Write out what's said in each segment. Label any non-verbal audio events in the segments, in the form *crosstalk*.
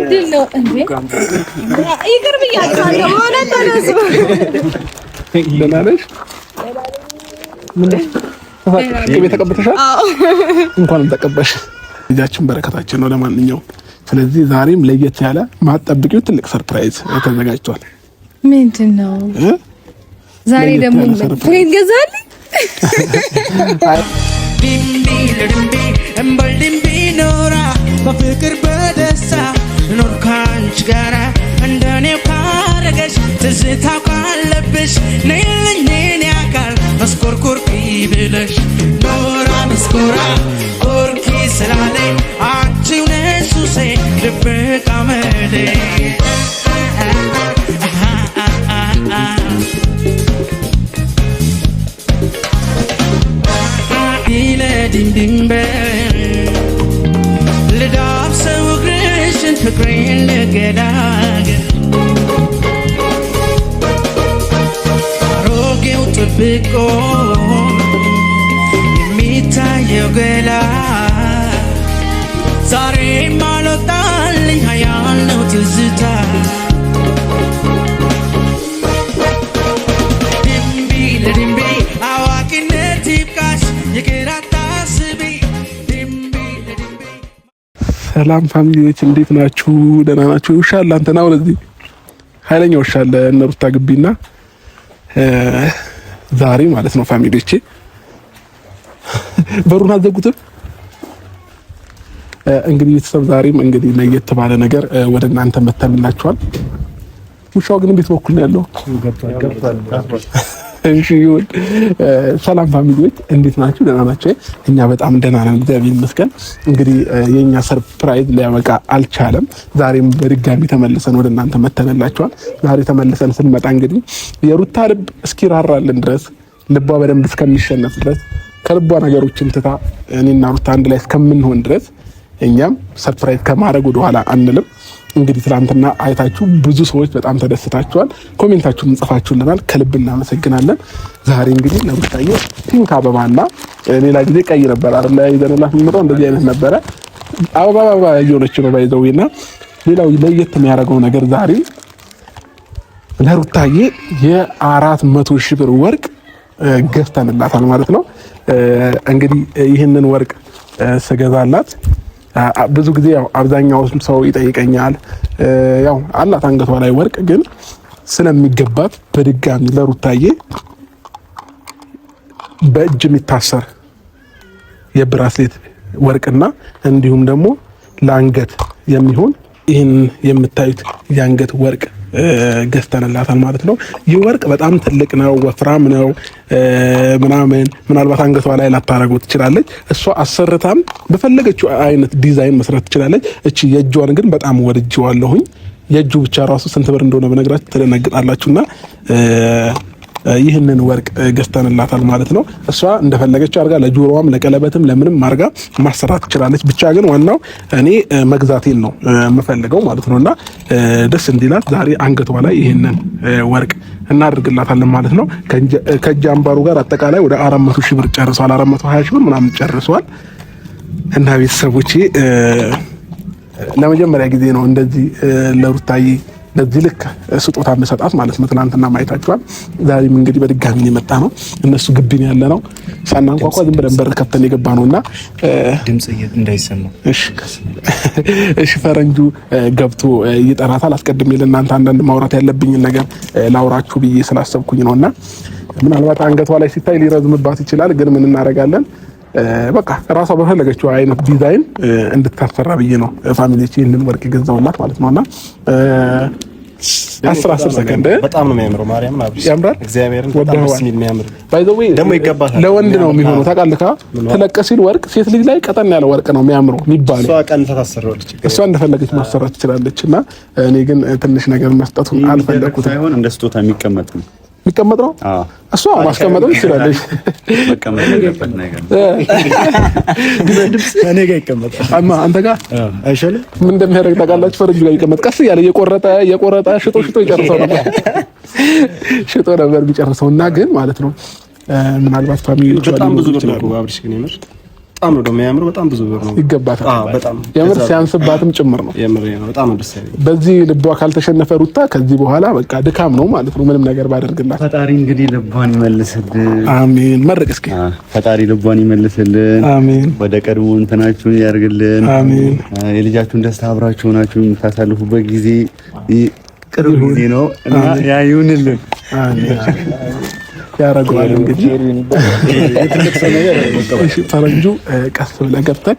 ምንድን ነው እንኳንም ተቀባሽ። ልጃችን በረከታችን ነው። ለማንኛውም ስለዚህ ዛሬም ለየት ያለ ማጠብቂው ትልቅ ሰርፕራይዝ ተዘጋጅቷል። ምንድን ነው ዛሬ ደግሞ ገዛልኝ ድንቢ እምበል ድንቢ ኖራ በፍቅር በደስታ ኖር ካንች ጋራ እንደኔ ካረገሽ ትዝታ ካለብሽ ነይልኝ የኔ አካል መስኮርኮርኪ ብለሽ ኖራ መስኮራ ኮርኪ ስላለኝ አንቺው ነሽ ሱሴ ድብቅ አመሌ ዲለ praying to get out. Rogi utapiko, imita yogela. Sare malo ሰላም ፋሚሊዎች እንዴት ናችሁ? ደህና ናችሁ? ውሻ አለ አንተና ወደዚህ ኃይለኛ ውሻ አለ እነ ሩታ ግቢና ዛሬ ማለት ነው ፋሚሊዎች *laughs* በሩን አዘጉትም። እንግዲህ ቤተሰብ ዛሬም እንግዲህ ለየት ባለ ነገር ወደ እናንተ መተንላችኋል። ውሻው ግን ቤት በኩል ነው ያለው ሰላም ፋሚሊዎች እንዴት ናችሁ? ደህና ናቸው። እኛ በጣም ደህና ነን፣ እግዚአብሔር ይመስገን። እንግዲህ የኛ ሰርፕራይዝ ሊያበቃ አልቻለም። ዛሬም በድጋሚ ተመልሰን ወደ እናንተ ዛሬ ተመልሰን ስንመጣ እንግዲህ የሩታ ልብ እስኪራራልን ድረስ ልቧ በደንብ እስከሚሸነፍ ድረስ ከልቧ ነገሮችን ትታ እኔና ሩታ አንድ ላይ እስከምንሆን ድረስ እኛም ሰርፕራይዝ ከማድረግ ወደኋላ አንልም። እንግዲህ ትናንትና አይታችሁ ብዙ ሰዎች በጣም ተደስታችኋል። ኮሜንታችሁም ጽፋችሁልናል፣ ከልብ እናመሰግናለን። ዛሬ እንግዲህ ነሩታዬ ፒንክ አበባና ሌላ ጊዜ ቀይ ነበር አለ ይዘንላት የምመጣው እንደዚህ አይነት ነበረ። አበባ አበባ እየሆነች ነው ባይዘዌና ሌላው ለየት የሚያደርገው ነገር ዛሬ ለሩታዬ የአራት መቶ ሺህ ብር ወርቅ ገዝተንላታል ማለት ነው። እንግዲህ ይህንን ወርቅ ስገዛላት ብዙ ጊዜ ያው አብዛኛው ሰው ይጠይቀኛል። ያው አላት አንገቷ ላይ ወርቅ ግን ስለሚገባት በድጋሚ ለሩታዬ በእጅ የሚታሰር የብራስሌት ወርቅና እንዲሁም ደግሞ ለአንገት የሚሆን ይህን የምታዩት የአንገት ወርቅ ገዝተንላታል ማለት ነው። ይህ ወርቅ በጣም ትልቅ ነው፣ ወፍራም ነው ምናምን ምናልባት አንገቷ ላይ ላታረጉ ትችላለች። እሷ አሰርታም በፈለገችው አይነት ዲዛይን መስራት ትችላለች። እቺ የእጇን ግን በጣም ወድጄዋለሁኝ። የእጁ ብቻ ራሱ ስንት ብር እንደሆነ በነገራችሁ ትደነግጣላችሁና ይህንን ወርቅ ገዝተንላታል ማለት ነው። እሷ እንደፈለገች አድርጋ ለጆሮዋም፣ ለቀለበትም፣ ለምንም አድርጋ ማሰራት ትችላለች። ብቻ ግን ዋናው እኔ መግዛቴን ነው የምፈልገው ማለት ነው እና ደስ እንዲላት ዛሬ አንገቷ ላይ ይህንን ወርቅ እናደርግላታለን ማለት ነው። ከእጅ አምባሩ ጋር አጠቃላይ ወደ አራት መቶ ሺህ ብር ጨርሰዋል። አራት ሀያ ሺህ ብር ምናምን ጨርሰዋል እና ቤተሰቦቼ ለመጀመሪያ ጊዜ ነው እንደዚህ ለሩታዬ በዚህ ልክ ስጦታ እንሰጣት ማለት ነው። ትናንትና ማየታችኋል። ዛሬም እንግዲህ በድጋሚ የመጣ ነው። እነሱ ግቢ ነው ያለ ነው። ሳናንኳኳ ዝም ብለን በር ከፍተን የገባ ነው እና እሺ፣ ፈረንጁ ገብቶ ይጠራታል። አስቀድሜ ለእናንተ አንዳንድ ማውራት ያለብኝን ነገር ላውራችሁ ብዬ ስላሰብኩኝ ነው እና ምናልባት አንገቷ ላይ ሲታይ ሊረዝምባት ይችላል፣ ግን ምን እናደርጋለን በቃ ራሷ በፈለገችው አይነት ዲዛይን እንድታሰራ ብዬ ነው ፋሚሊ ይህንን ወርቅ የገዛውላት ማለት ነው እና አስር አስር ሰከንድ በጣም ነው የሚያምረው። ማርያም ያምራል። እግዚአብሔርን በጣም ደስ የሚል የሚያምር ደግሞ ይገባታል። ለወንድ ነው የሚሆነው ታውቃለህ። ተለቀ ሲል ወርቅ ሴት ልጅ ላይ ቀጠን ያለ ወርቅ ነው የሚያምሩ የሚባለው። እሷ ቀን እሷ እንደፈለገች ማሰራት ትችላለች። እና እኔ ግን ትንሽ ነገር መስጠቱን አልፈለኩትም። ሳይሆን እንደ ስጦታ የሚቀመጥ ነው ሊቀመጥ ነው። እሷ ማስቀመጥም ትችላለች። አንተ ጋር ምን እንደሚያደርግ ታውቃላችሁ? ፈረንጁ ጋር ሊቀመጥ ቀስ እያለ የቆረጠ የቆረጠ ሽጦ ሽጦ ይጨርሰው ነበር ሽጦ ነበር የሚጨርሰው እና ግን ማለት ነው ምናልባት ፋሚሊ በጣም ብዙ በጣም ነው ደግሞ የሚያምር። በጣም ብዙ ብር ነው ይገባታል። አዎ በጣም የምር ሲያንስባትም ጭምር ነው የምር ነው። በጣም ደስ ይላል። በዚህ ልቧ ካልተሸነፈ ሩታ ከዚህ በኋላ በቃ ድካም ነው ማለት ነው። ምንም ነገር ባደርግላት ፈጣሪ እንግዲህ ልቧን ይመልስልን። አሜን። መርቅ እስኪ ፈጣሪ ልቧን ይመልስልን። አሜን። ወደ ቀድሞ እንትናችሁን ያርግልን። አሜን። የልጃችሁን ደስታ አብራችሁ ሆናችሁ የምታሳልፉበት ጊዜ ቅርብ ጊዜ ነው እና ያ ይሁንልን። አሜን። ያረገዋል። እንግዲህ ፈረንጁ ቀስ ብለህ ገብተህ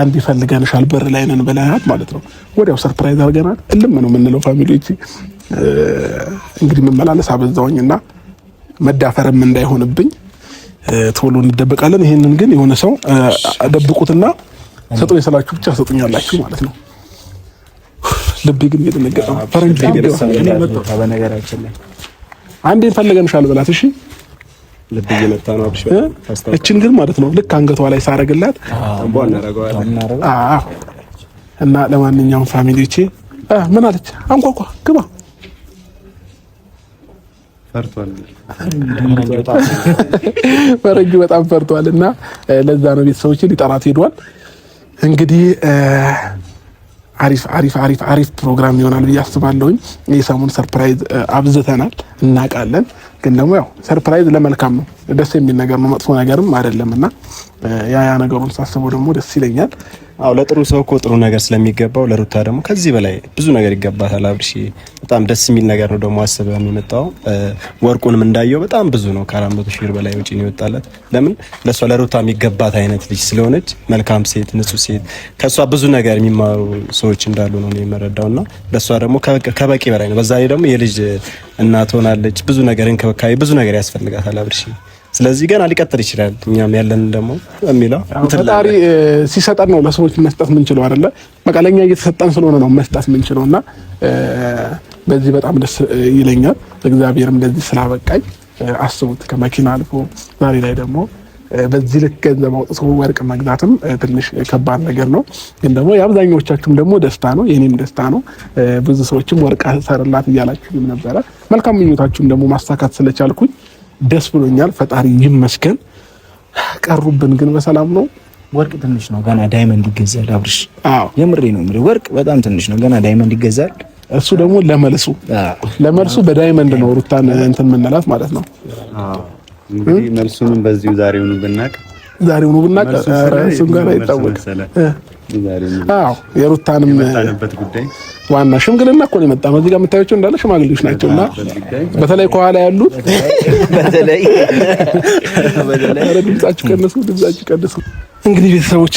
አንድ ይፈልገንሻል በር ላይ ነን ብለናት ማለት ነው። ወዲያው ሰርፕራይዝ አድርገናል። እልም ነው የምንለው ፋሚሊዎች እንግዲህ የምመላለስ አበዛውኝ እና መዳፈርም እንዳይሆንብኝ ቶሎ እንደበቃለን። ይሄንን ግን የሆነ ሰው ደብቁትና ሰጡ የሰላችሁ ብቻ ሰጡኛላችሁ ማለት ነው። ልቤ ግን እየደነገጠ ነው። ፈረንጅ በነገራችን ላይ አንዴን ፈልገንሻል ብላት እሺ ልብ እየመታ ነው አብሽ። እችን ግን ማለት ነው ልክ አንገቷ ላይ ሳረግላት እና ለማንኛውም ፋሚሊዎቼ ምን አለች? አንኳኳ ግባ ፈርቷል። በጣም ፈርቷል። እና ለዛ ነው ቤተሰቦች ሊጠራት ሄዷል እንግዲህ አሪፍ አሪፍ አሪፍ አሪፍ ፕሮግራም ይሆናል ብዬ አስባለሁኝ። የሰሙን ሰርፕራይዝ አብዝተናል እናውቃለን፣ ግን ደግሞ ያው ሰርፕራይዝ ለመልካም ነው፣ ደስ የሚል ነገር ነው፣ መጥፎ ነገርም አይደለም እና ያ ያ ነገሩን ሳስበው ደግሞ ደስ ይለኛል። አዎ ለጥሩ ሰው እኮ ጥሩ ነገር ስለሚገባው ለሩታ ደግሞ ከዚህ በላይ ብዙ ነገር ይገባታል። አብርሽ በጣም ደስ የሚል ነገር ነው ደግሞ አስበህ የሚመጣው ወርቁንም እንዳየው በጣም ብዙ ነው። ከአራት መቶ ሺህ ብር በላይ ውጪ ነው የወጣላት። ለምን ለእሷ ለሩታ የሚገባት አይነት ልጅ ስለሆነች መልካም ሴት፣ ንጹህ ሴት ከእሷ ብዙ ነገር የሚማሩ ሰዎች እንዳሉ ነው የመረዳው እና ለእሷ ደግሞ ከበቂ በላይ ነው። በዛ ላይ ደግሞ የልጅ እናት ሆናለች። ብዙ ነገር እንክብካቤ፣ ብዙ ነገር ያስፈልጋታል አብርሽ ስለዚህ ገና ሊቀጥል ይችላል። እኛም ያለን ደግሞ የሚለው ፈጣሪ ሲሰጠን ነው ለሰዎች መስጠት የምንችለው አይደለ? በቃ ለእኛ እየተሰጠን ስለሆነ ነው መስጠት ምንችለው እና በዚህ በጣም ደስ ይለኛል። እግዚአብሔርም ለዚህ ስላበቃኝ አስቡት፣ ከመኪና አልፎ ዛሬ ላይ ደግሞ በዚህ ልክ ገንዘብ አውጥቶ ወርቅ መግዛትም ትንሽ ከባድ ነገር ነው። ግን ደግሞ የአብዛኛዎቻችሁም ደግሞ ደስታ ነው፣ የኔም ደስታ ነው። ብዙ ሰዎችም ወርቅ ሰርላት እያላችሁም ነበረ። መልካም ምኞታችሁም ደግሞ ማሳካት ስለቻልኩኝ ደስ ብሎኛል። ፈጣሪ ይመስገን። ቀሩብን ግን በሰላም ነው። ወርቅ ትንሽ ነው፣ ገና ዳይመንድ ይገዛል። አብርሽ፣ አዎ የምሬ ነው። ወርቅ በጣም ትንሽ ነው፣ ገና ዳይመንድ ይገዛል። እሱ ደግሞ ለመልሱ ለመልሱ በዳይመንድ ነው ሩታን እንትን የምንላት ማለት ነው። እንግዲህ መልሱንም በዚሁ ዛሬውኑ ብናቅ ዛሬውኑ ብናቅ እሱን ጋር ይታወቅ አዎ የሩታንም ዋና ሽምግልና እኮ ነው የመጣነው። እዚህ ጋር የምታዩቸው እንዳለ ሽማግሌዎች ናቸው እና በተለይ ከኋላ ያሉት በተለይ ድምጻችሁ ቀንሱ፣ ድምጻችሁ ቀንሱ። እንግዲህ ቤተሰቦቼ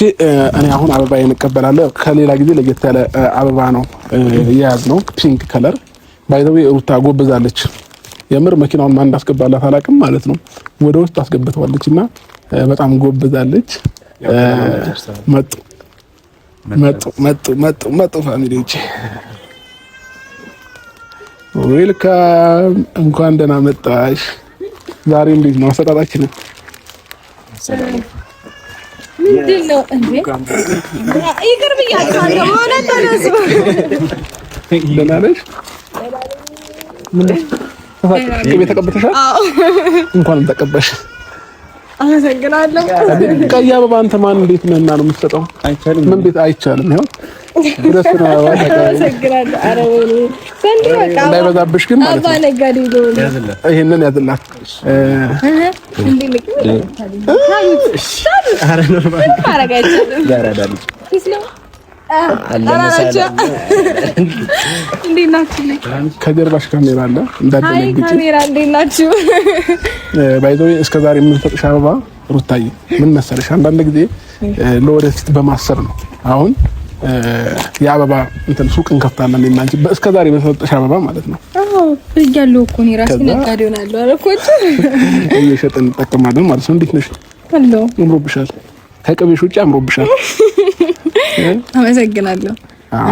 እኔ አሁን አበባ እንቀበላለሁ። ከሌላ ጊዜ ለየት ያለ አበባ ነው ነው፣ ፒንክ ከለር ባይ ዘ ባይዘዌ። ሩታ ጎበዛለች የምር መኪናውን ማን እንዳስገባላት አላውቅም ማለት ነው። ወደ ውስጥ አስገብተዋለች እና በጣም ጎበዛለች። መጡ መጡ መጡ መጡ መጡ ፋሚሊዎች ዌልካም፣ እንኳን ደህና መጣሽ። ዛሬ እንዴት ነው አሰጣጣችን? ምንድን ነው እንዴ? ተቀበሽ አመሰግናለሁ። ቀይ አበባ አንተ ማን እንዴት ነህና ነው የምትሰጠው? አይቻልም። ምን ቤት አይቻልም። ይኸው ድረስ ነው አበባ። እንዳይበዛብሽ ግን ማለት ያዝላት። እንዴ ልክ ነው። ከጀርባሽ ካሜራ አለ እንዳደነግጭ። ባይዘው እስከ ዛሬ የምንሰጥሽ አበባ ሩታዬ ምን መሰለሽ፣ አንዳንድ ጊዜ ለወደፊት በማሰብ ነው። አሁን የአበባ እንትን ሱቅ እንከፍታለን እና አንቺ እስከ ዛሬ በሰጠሽ አበባ ማለት ነው። እየሸጥን እንጠቀማለን ማለት ነው። እንዴት ነሽ? አምሮብሻል። ከቅቤሽ ውጭ አምሮብሻል። *laughs* አመሰግናለሁ።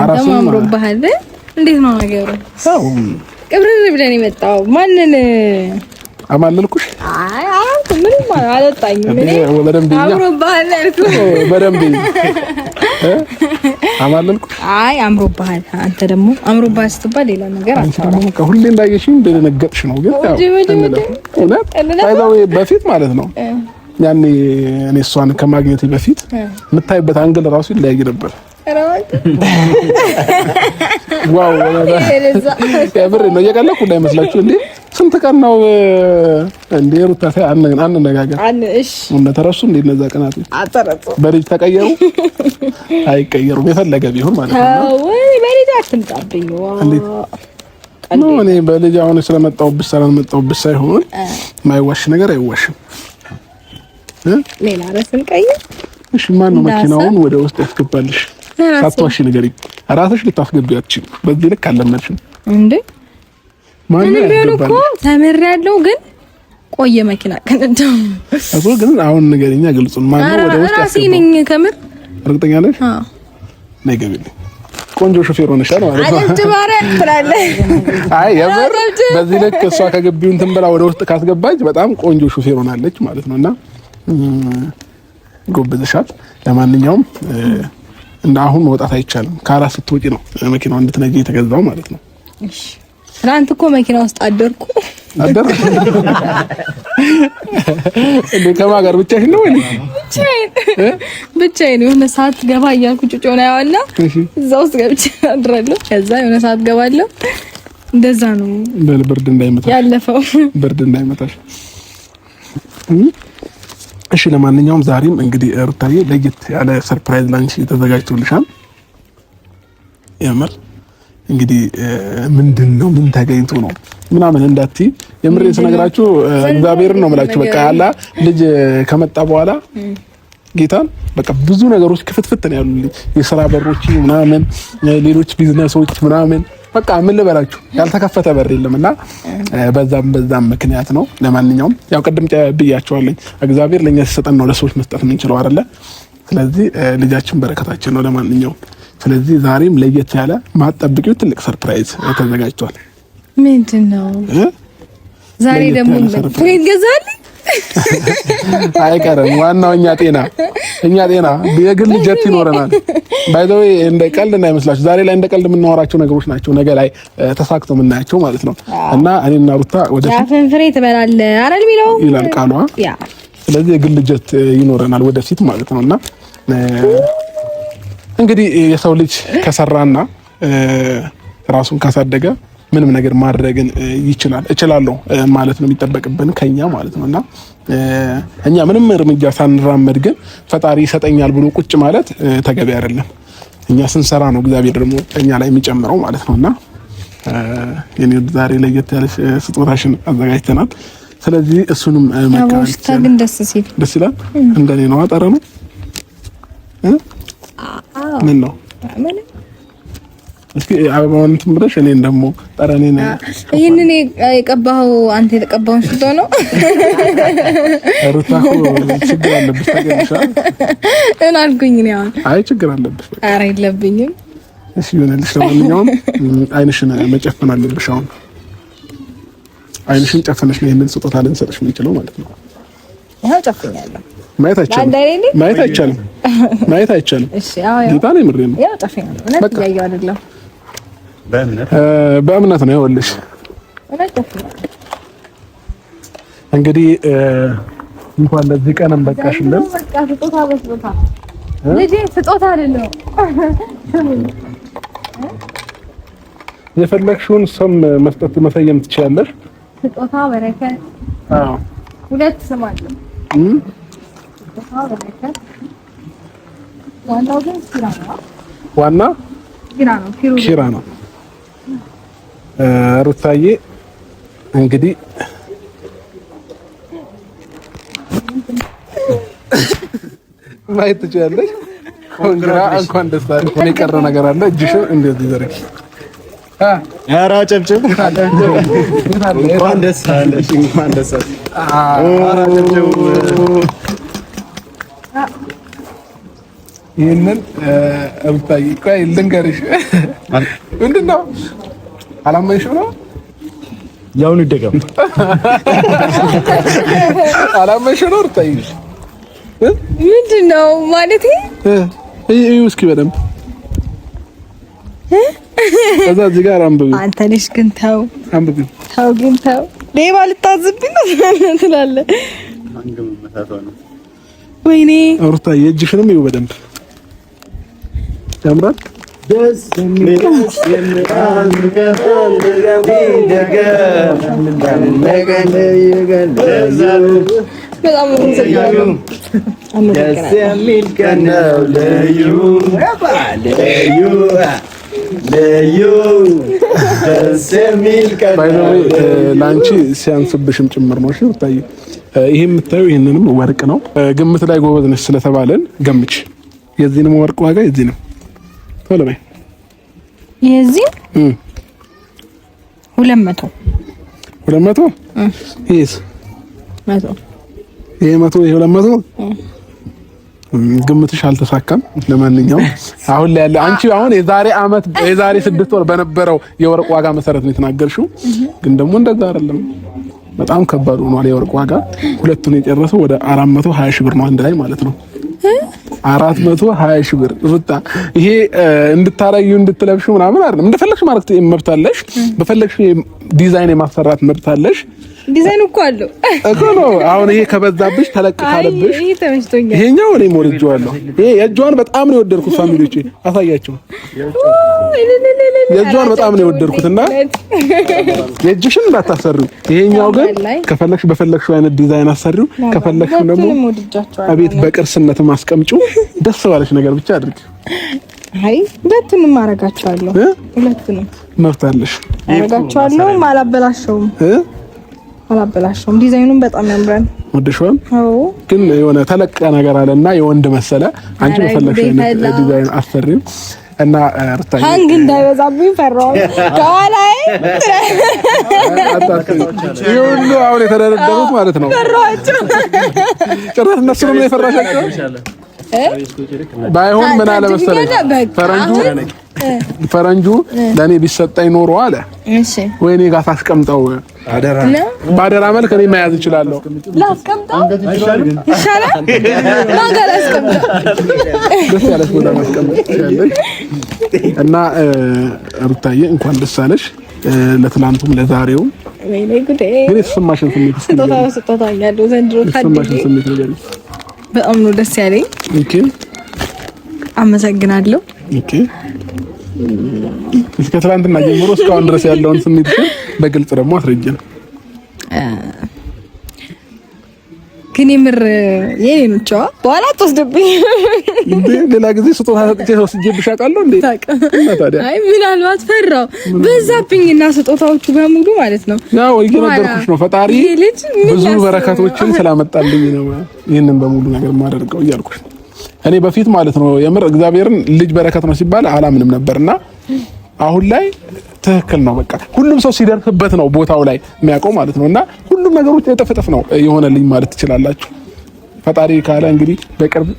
አራሱ አምሮብሃል። እንዴት ነው ነገሩ? ቅብርር ብለን የመጣው ማንን አማለልኩሽ? አይ እኔ አምሮብሃል አይ አንተ ደግሞ አምሮብሃል ስትባል ሌላ ነገር አንተ ሁሌ እንዳየሽኝ ነው። ግን ያው በፊት ማለት ነው ያኔ እኔ እሷን ከማግኘቴ በፊት የምታይበት አንግል ራሱ ይለያይ ነበር። *laughs* ዋው ያብር *laughs* ነው። እየቀለኩ እንዳይመስላችሁ እንዴ! ስንት ቀን ነው እንዴ? ሩታ ሳይ አንነጋገር እሺ። ተረሱ እንዴ? እነዛ አጠረጡ። በልጅ ተቀየሩ አይቀየሩም፣ የፈለገ ቢሆን ማለት ነው። ወይ በልጅ አትምጣብኝ። ዋው እኔ በልጅ አሁን ስለመጣሁብሽ ስላልመጣሁብሽ ሳይሆን ማይዋሽ ነገር አይዋሽም። ሌላ ራስን ቀይር። እሺ፣ ማን ነው መኪናውን ወደ ውስጥ ያስገባልሽ? ሳትዋሽ ንገሪኝ። ራስሽ ልታስገቢው አትችልም። በዚህ ልክ አለመድሽም እንዴ? ማን ነው እኮ ተምሬያለሁ፣ ግን ቆየ መኪና ከነዳው እኮ። ግን አሁን ንገሪኛ፣ ግልጹን ማን ነው ወደ ውስጥ ራሴ ነኝ። ከምር እርግጠኛ ነሽ? አዎ፣ ነይ ገቢልኝ። ቆንጆ ሾፌር ሆነሻል ማለት ነው። አይ የምር በዚህ ልክ እሷ ከግቢው እንትን ብላ ወደ ውስጥ ካስገባች በጣም ቆንጆ ሾፌር ሆናለች ማለት ነውና ጎብዝሻል። ለማንኛውም እንደ አሁን መውጣት አይቻልም። ከአራት ስትወጪ ነው መኪናው እንድትነጂ የተገዛው ማለት ነው። ትናንት እኮ መኪና ውስጥ አደርኩ አደርኩ። ከማን ጋር ብቻሽን ነው ወይ? ብቻዬን የሆነ ሰዓት ገባ እያልኩ ጩጮ ነው ያዋላ። እዛ ውስጥ ገብቼ አድራለሁ። ከዛ የሆነ ሰዓት ገባለሁ። እንደዛ ነው። ብርድ እንዳይመታሽ ያለፈው ብርድ እንዳይመታሽ እሺ ለማንኛውም ዛሬም እንግዲህ ሩታዬ ለየት ያለ ሰርፕራይዝ ላንች ተዘጋጅቶልሻል። የምር እንግዲህ ምንድን ነው ምን ተገኝቶ ነው ምናምን እንዳቲ የምሬ ስነግራችሁ እግዚአብሔርን ነው የምላችሁ። በቃ ያላ ልጅ ከመጣ በኋላ ጌታን በቃ ብዙ ነገሮች ክፍትፍት ነው ያሉልኝ፣ የስራ በሮች ምናምን፣ ሌሎች ቢዝነሶች ምናምን በቃ ምን ልበላችሁ ያልተከፈተ በር የለም እና በዛም በዛም ምክንያት ነው። ለማንኛውም ያው ቅድም ብያቸዋለኝ እግዚአብሔር ለእኛ ሲሰጠን ነው ለሰዎች መስጠት የምንችለው አይደለ? ስለዚህ ልጃችን በረከታችን ነው። ለማንኛውም ስለዚህ ዛሬም ለየት ያለ ማጠብቂው ትልቅ ሰርፕራይዝ ተዘጋጅቷል። ምንድን ነው ዛሬ ደግሞ ገዛልኝ አይቀርም። ዋናው እኛ ጤና እኛ ጤና የግል ጀት ይኖረናል። ባይ ዘ ወይ እንደ ቀልድ እንዳይመስላችሁ ዛሬ ላይ እንደ ቀልድ የምናወራቸው ነገሮች ናቸው ነገ ላይ ተሳክቶ የምናያቸው ማለት ነው። እና እኔና ሩታ ወደ አፈን ፍሬ ትበላለህ አይደል የሚለው ይላል ቃሏ። ስለዚህ የግል ጀት ይኖረናል ወደፊት ማለት ነው። እና እንግዲህ የሰው ልጅ ከሰራና ራሱን ካሳደገ ምንም ነገር ማድረግን ይችላል እችላለሁ ማለት ነው የሚጠበቅብን ከኛ ማለት ነው እና እኛ ምንም እርምጃ ሳንራመድ ግን ፈጣሪ ይሰጠኛል ብሎ ቁጭ ማለት ተገቢ አይደለም። እኛ ስንሰራ ነው እግዚአብሔር ደግሞ እኛ ላይ የሚጨምረው ማለት ነው እና የኔ ዛሬ ለየት ያለሽ ስጦታሽን አዘጋጅተናል። ስለዚህ እሱንም ደስ ሲል ደስ ይላል። እንደኔ ነው አጠረ ነው ምን ነው እስኪ አበባውን እንትን ብለሽ እኔን ደግሞ ጠረኔ ነው። ይሄንን የቀባኸው አንተ የተቀባውን ሽቶ ነው። ሩታ ችግር አለብሽ ታገኝሻል እና አልኩኝ ነው። አይ ችግር አለብሽ። አረ የለብኝም። እሺ ይሆነልሽ። ለማንኛውም አይንሽን መጨፈን አለብሽ። አሁን አይንሽን ጨፈነሽ ነው ይሄንን ስጦታ ልንሰጥሽ የምንችለው ማለት ነው። ይሄው ጨፍኛለሁ። ማየት አይቻልም። ማየት አይቻልም። ማየት አይቻልም። እሺ አዎ፣ ያው ጌታ ነው። ምሬ እውነት እያየሁ አይደለም በእምነት ነው ይኸውልሽ እንግዲህ እንኳን ለዚህ ቀንም በቃሽልን። ስጦታ ስጦታ አይደለም። የፈለግሽውን ስም መስጠት መሰየም ትችላለሽ። ስጦታ በረከት። አዎ ሁለት ስም አለ። ስጦታ በረከት። ዋናው ግን ኪራ ነው። ዋና ኪራ ነው። ኪራ ነው። ሩታዬ እንግዲህ ማየት ትችላለች። ኮንግራ እንኳን ደስ አለሽ። እኔ ቀረ ነገር አለ። እጅሽ እንደዚህ ዘርጊ። ኧረ አጨብጭብ። እንኳን ደስ አለሽ፣ እንኳን ደስ አለሽ። ይሄንን ሩታዬ ቆይ ልንገርሽ ምንድን ነው አላመንሽም ነው ያውን ይደገም አላመንሽም ነው እርታይሽ ምንድን ነው ማለት እዩ እስኪ በደንብ ከዛ እዚህ ጋር አንብቢ። አንተ ነሽ ግን ተው አንብቢ፣ ተው ግን ተው። ሌባ ልታዝብኝ ነው ትላለህ። ወይኔ ሩታ የእጅሽንም ይኸው በደንብ ያምራል። ደስ የሚል ቀን ነው ልዩ ልዩ ልዩ ደስ የሚል ቀን ነው። ለአንቺ ሲያንስብሽም ጭምር ነው። ብታይ ይሄ የምታየው ይህንንም ወርቅ ነው። ግምት ላይ ጎበዝ ነሽ ስለተባለን ገምች። የዚህንም ወርቅ ዋጋ የዚህንም ቶሎ በይ። የዚህ ሁለት መቶ ሁለት መቶ ይሄስ መቶ ይሄ መቶ ይሄ ሁለት መቶ ግምትሽ አልተሳካም። ለማንኛውም አሁን ላይ ያለ አንቺ አሁን የዛሬ አመት የዛሬ ስድስት ወር በነበረው የወርቅ ዋጋ መሰረት ነው የተናገርሽው፣ ግን ደግሞ እንደዛ አይደለም። በጣም ከባድ ሆኗል የወርቅ ዋጋ። ሁለቱን የጨረሰው ወደ አራት ሺህ ብር ነው አንድ ላይ ማለት ነው። አራት መቶ ሀያ ሺህ ብር ሩታ፣ ይሄ እንድታረዩ እንድትለብሹ ምናምን አይደለም። እንደፈለግሽ ማለት መብት አለሽ። በፈለግሽ ዲዛይን የማሰራት መብት አለሽ። ዲዛይን እኮ አለው እኮ ነው። አሁን ይሄ ከበዛብሽ ተለቅ ካለብሽ ይሄ ተመችቶኛል። ይሄኛው እኔም ወድጄዋለሁ። ይሄ የእጇን በጣም ነው የወደድኩት። ፋሚሊዎቼ አሳያቸው። የእጇን በጣም ነው የወደድኩት እና የእጅሽን እንዳታሰሪው። ይሄኛው ግን ከፈለግሽ በፈለግሽው አይነት ዲዛይን አሰሪው፣ ከፈለግሽው ደግሞ አቤት በቅርስነት ማስቀምጪው። ደስ ባለሽ ነገር ብቻ አድርጊ። አይ ሁለቱንም ማረጋቸዋለሁ። ሁለቱንም መፍታለሽ አረጋቸዋለሁ። አላበላሸውም አላበላሸውም። ዲዛይኑም በጣም ያምራል። ወደሽዋል። አዎ፣ ግን የሆነ ተለቀ ነገር አለና የወንድ መሰለ። አንቺ በፈለግሽ ዲዛይን አፈሪም እና ርታ ሃንግ እንዳይበዛብኝ ፈራው። ከኋላዬ ይህ ሁሉ አሁን የተደረደሩት ማለት ነው። ፈራኋቸው ጭራሽ እነሱንም የፈራሻቸው ባይሆን ምን አለ መሰለኝ ፈረንጁ ፈረንጁ ለኔ ቢሰጠኝ ኖሮ አለ ወይ ጋር ታስቀምጠው በአደራ መልክ እኔ መያዝ እችላለሁ። እና ሩታዬ እንኳን ደስ አለሽ ለትላንቱም ለዛሬውም ግን የተሰማሽን ስሜት በጣም ነው ደስ ያለኝ። ኦኬ አመሰግናለሁ። ኦኬ እስከ ትናንትና ጀምሮ እስካሁን ድረስ ያለውን ስሜት በግልጽ ደግሞ አስረጅን። ግን የምር የኔ ነች። በኋላ አትወስድብኝ እንዴ? ሌላ ጊዜ ስጦታ ሰጥቼ ሰው ስጄብሽ አውቃለሁ እንዴ? አይ ምናልባት ፈራው በዛብኝና ስጦታዎቹ በሙሉ ማለት ነው። ያው እየነገርኩሽ ነው ፈጣሪ ብዙ በረከቶችን ስላመጣልኝ ነው ይህንን በሙሉ ነገር ማደርገው እያልኩሽ ነው። እኔ በፊት ማለት ነው የምር እግዚአብሔርን ልጅ በረከት ነው ሲባል አላምንም ነበርና አሁን ላይ ትክክል ነው። በቃ ሁሉም ሰው ሲደርፍበት ነው ቦታው ላይ የሚያውቀው ማለት ነው። እና ሁሉም ነገሮች እጥፍ እጥፍ ነው የሆነልኝ ማለት ትችላላችሁ። ፈጣሪ ካለ እንግዲህ በቅርብ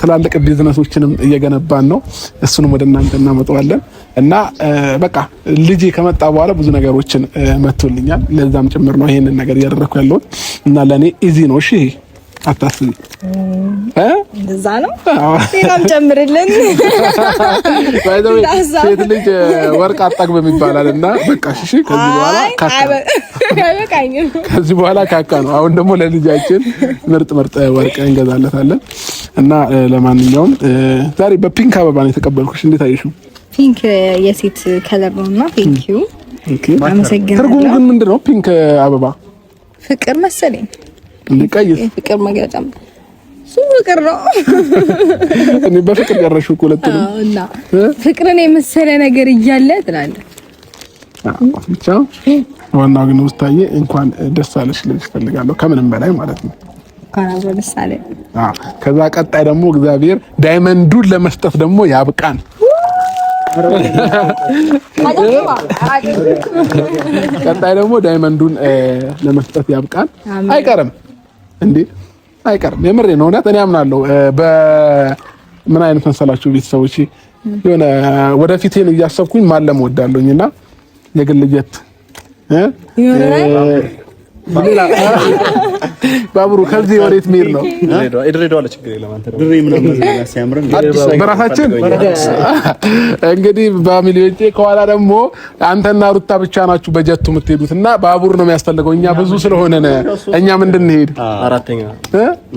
ትላልቅ ቢዝነሶችንም እየገነባን ነው። እሱንም ወደ እናንተ እናመጣዋለን እና በቃ ልጄ ከመጣ በኋላ ብዙ ነገሮችን መቶልኛል። ለዛም ጭምር ነው ይሄንን ነገር እያደረኩ ያለሁት እና ለእኔ ኢዚ ነው። እሺ አታስቢ። እንደዛ ነው። ሌላም ጨምርልን። ሴት ልጅ ወርቅ አጠግብም ይባላል እና በቃ ሽሽ ከዚህ በኋላ ካካ ነው። አሁን ደግሞ ለልጃችን ምርጥ ምርጥ ወርቅ እንገዛለታለን እና ለማንኛውም ዛሬ በፒንክ አበባ ነው የተቀበልኩሽ። እንዴት አየሹ? ፒንክ የሴት ከለር ነው እና ፒንክ ዩ አመሰግናለሁ። ትርጉሙ ግን ምንድን ነው? ፒንክ አበባ ፍቅር መሰለኝ ፍቅር መግለጫ ፍቅር ነው። *laughs* እኔ በፍቅር ያረሽው እኮ ሁለት ነው እና ፍቅርን የመሰለ ነገር እያለ ትላለህ። ብቻ ዋናው ግን ውስታዬ እንኳን ደስ አለሽ ልልሽ እፈልጋለሁ ከምንም በላይ ማለት ነው። ከዛ ቀጣይ ደግሞ እግዚአብሔር ዳይመንዱን ለመስጠት ደግሞ ያብቃን። ቀጣይ ደግሞ ዳይመንዱን ለመስጠት ያብቃን አይቀርም እንዴ አይቀርም። የምሬ ነው። እውነት እኔ አምናለሁ። በምን አይነት መሰላችሁ ቤተሰቦች፣ የሆነ ወደፊቴን እያሰብኩኝ ማለም ወዳለሁኝ እና የግልየት ባቡሩ ከዚህ ወዴት መሄድ ነው? በራሳችን እንግዲህ ፋሚሊዎቼ፣ ከኋላ ደግሞ አንተና ሩታ ብቻ ናችሁ በጀቱ የምትሄዱት እና ባቡር ነው የሚያስፈልገው። እኛ ብዙ ስለሆነ እኛ ምንድን እንሄድ አራተኛ፣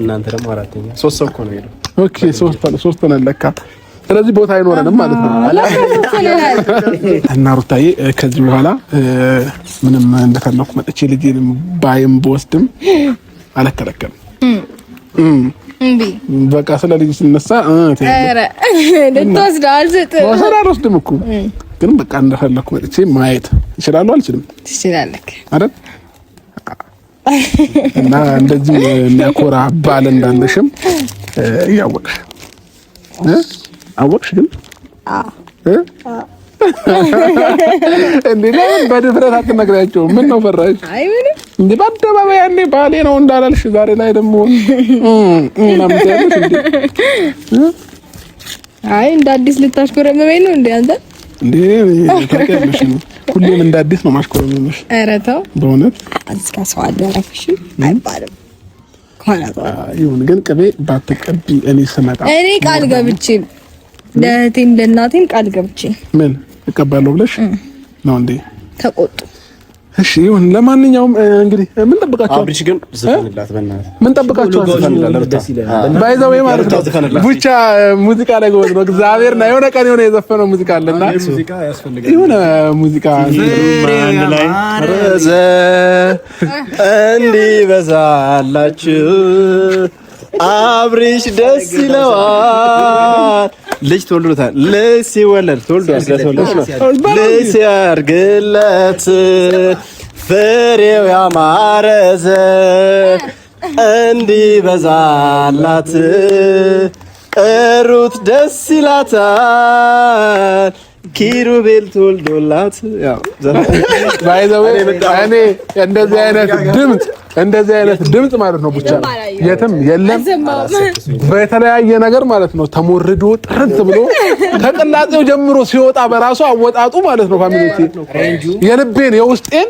እናንተ ደግሞ አራተኛ፣ ሶስት ሰው እኮ ነው የሄደው። ኦኬ ሶስት ሶስት ነን ለካ ስለዚህ ቦታ አይኖረንም ማለት ነው። እና ሩታዬ ከዚህ በኋላ ምንም እንደፈለኩ መጥቼ ልጄንም ባይም በወስድም አልከለከልም። በቃ ስለ ልጅ ስነሳ ልትወስደው አልወስድም እኮ ግን በቃ እንደፈለኩ መጥቼ ማየት እችላለሁ። አልችልም? ትችላለህ እና እንደዚህ የሚያኮራ ባል እንዳለሽም እያወቅሽ አወቅሽ ግን እንዴ በድፍረት አትነግራቸው? ምን ነው ፈራሽ እንዴ? በአደባባይ ያኔ ባሌ ነው እንዳላልሽ ዛሬ ላይ ደግሞ አይ እንደ አዲስ ልታሽኮረመመኝ ነው እንዴ አንተ? እንዴ ታውቂያለሽ ነው ሁሌም እንደ አዲስ ነው ማሽኮረመመሽ። ኧረ ተው በእውነት አዲስ ከሰው አደረክሽ አይባልም። ይሁን ግን ቅቤ ባትቀቢ እኔ ስመጣ እኔ ቃል ገብቼ ለእህቴም ለእናቴም ቃል ገብቼ ምን እቀባለሁ ብለሽ ነው እንዴ? ተቆጡ። እሺ ይሁን። ለማንኛውም እንግዲህ ምን አብሪሽ ግን ዘፈንላት በእናትህ። ምን ማለት ነው ብቻ ሙዚቃ ላይ ጎበዝ ነው። እግዚአብሔር ነው የሆነ ቀን የሆነ የዘፈነው ሙዚቃ አለና የሆነ ሙዚቃ ላይ ረዘ እንዲበዛላችሁ አብሪሽ ደስ ይለዋል። ልጅ ተወልዶታል። ልጅ ሲወለድ ተወልዶ ልጅ ሲያድግለት ፍሬው ያማረዘ እንዲበዛላት እሩት ደስ ይላታል። ኪሩቤል ተወልዶላት ያው እንደዚህ አይነት ድምፅ እንደዚህ አይነት ድምጽ ማለት ነው ብቻ የትም የለም። በተለያየ ነገር ማለት ነው ተሞርዶ ጥርት ብሎ ከቅላጼው ጀምሮ ሲወጣ በራሱ አወጣጡ ማለት ነው ፋሚሊቲ የልቤን የውስጤን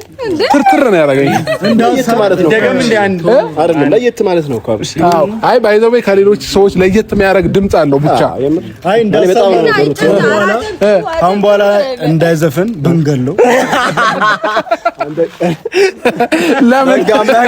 ትርትር ነው ያደረገኝ። ለየት ማለት ነው። አይ ባይ ዘ ባይዘዌ ከሌሎች ሰዎች ለየት የሚያደርግ ድምጽ አለው ብቻ አሁን በኋላ እንዳይዘፍን ብንገለው ለምን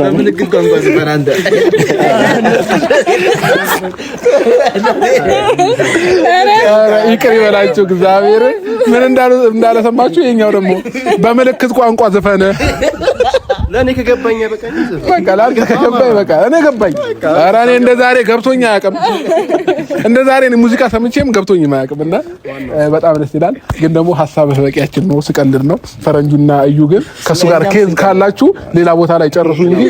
በምልክት ቋንቋ ዘፈን አንተ ይቅር ይበላችሁ እግዚአብሔር ምን እንዳለሰማችሁ። የኛው ደግሞ በምልክት ቋንቋ ዘፈን ለእኔ ከገባኝ በቃ እኔ ገባኝ። ኧረ እኔ እንደ ዛሬ ገብቶኝ አያውቅም። እንደ ዛሬ ሙዚቃ ሰምቼም ገብቶኝ አያውቅም። እና በጣም ደስ ይላል። ግን ደግሞ ሀሳብ በቂያችን ነው፣ ስቀልድ ነው። ፈረንጁና እዩ ግን ከእሱ ጋር ኬዝ ካላችሁ ሌላ ቦታ ላይ ጨርሱ እንጂ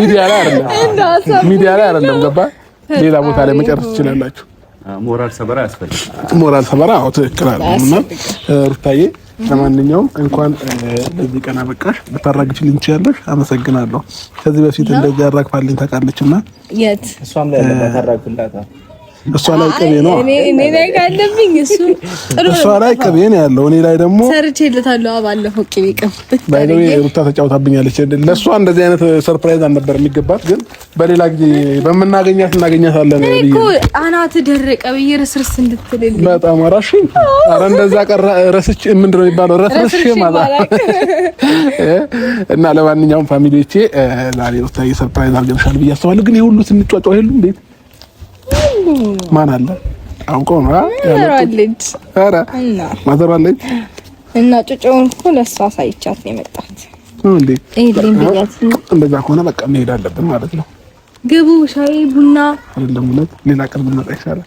ሚዲያ ላይ አይደለም፣ *laughs* ሚዲያ ላይ አይደለም። ገባ ሌላ ቦታ ላይ መጨረስ ትችላላችሁ። ሞራል ሰበራ ያስፈልጋል። ሞራል ሰበራ አዎ፣ ትክክል አለ እና ሩታዬ፣ ለማንኛውም እንኳን ለዚህ ቀን አበቃሽ። ልታራግችልኝ ትችያለሽ። አመሰግናለሁ። ከዚህ በፊት እንደዚህ ያራግፋልኝ ታውቃለች እና የት እሷም ላይ እሷ ላይ ቅቤ ነው እኔ ላይ ካለብኝ እሱ እሷ ላይ ቅቤ ነው ያለው። እኔ ላይ ደግሞ ሰርቼለታለሁ። ባለፈው ቅቤ ቅብ ባይ ነው ሩታ ተጫውታብኛለች። ለእሷ እንደዚህ አይነት ሰርፕራይዝ አልነበር የሚገባት፣ ግን በሌላ ጊዜ በምናገኛት እናገኛታለን። እኮ አናት ደረቀ ብዬ እንድትልልኝ በጣም አራሽ። እንደዛ ቀረ ረስች ምንድን ነው የሚባለው? ረስርሽ ማለት እና ለማንኛውም ፋሚሊዎቼ ዛሬ ሩታ ሰርፕራይዝ ብዬ አስባለሁ። ግን የሁሉ ስንጫጫው ማን አለ? አንቆ ነው ያለች አረ እና ጩጬውን እኮ ለእሷ አሳይቻት ነው የመጣት። እንደዛ ከሆነ በቃ መሄድ አለብን ማለት ነው። ግቡ ሻይ ቡና አይደለም፣ ሌላ ቀን ብንመጣ ይሻላል።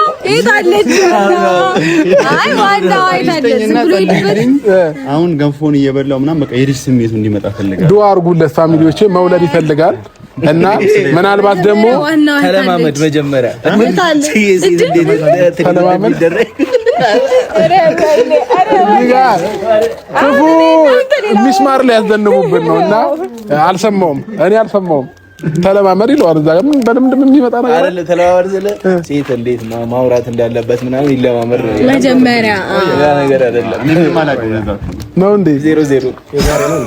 አሁን ገንፎን እየበላው ምናምን በቃ የልጅ ስሜቱ እንዲመጣ ፈልጋል። ዱአ አድርጉለት። ፋሚሊዎቼ መውለድ ይፈልጋል እና ምናልባት ደግሞ ተለማመድ መጀመሪያ ክፉ ሚስማር ላይ ያዘንቡብን ነው እና አልሰማውም፣ እኔ አልሰማውም። ተለማመድ ይለዋል። እዛ ጋር በልምድ የሚመጣ ነገር አይደለ። ተለማመድ ስለ ሴት እንዴት ማውራት እንዳለበት ምናምን ይለማመድ መጀመሪያ ነገር አይደለም ነው እንዴ? ዜሮ ዜሮ ነው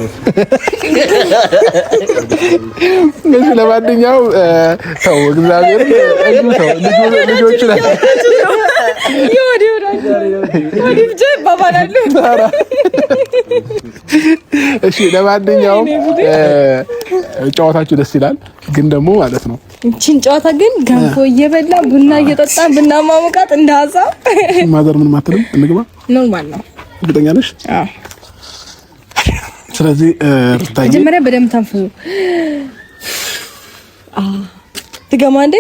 እሺ፣ ለማንኛውም ተው፣ እግዚአብሔር ልጆቹ እሺ፣ ለማንኛውም ጨዋታችሁ ደስ ይላል፣ ግን ደግሞ ማለት ነው ጨዋታ ግን ገንፎ እየበላ ቡና እየጠጣ ቡና ማሞቃት ማዘር ምን ማትልም እንግባ ኖርማል ነው። እርግጠኛ ነሽ? አዎ ስለዚህ መጀመሪያ በደንብ ታንፍሱ። ትገማ እንዴ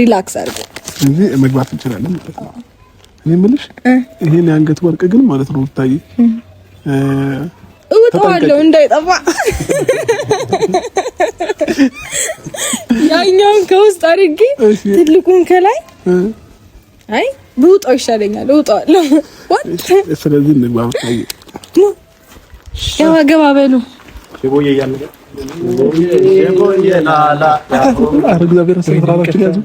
ሪላክስ አድርጎ እዚህ መግባት እንችላለን። እኔ የምልሽ ይሄን የአንገት ወርቅ ግን ማለት ነው ብታይ እውጠዋለሁ እንዳይጠፋ። ያኛውን ከውስጥ አድርጌ ትልቁን ከላይ አይ ብውጣው ይሻለኛል። እውጣዋለሁ። ስለዚህ ያው አገባበሉ እግዚአብሔር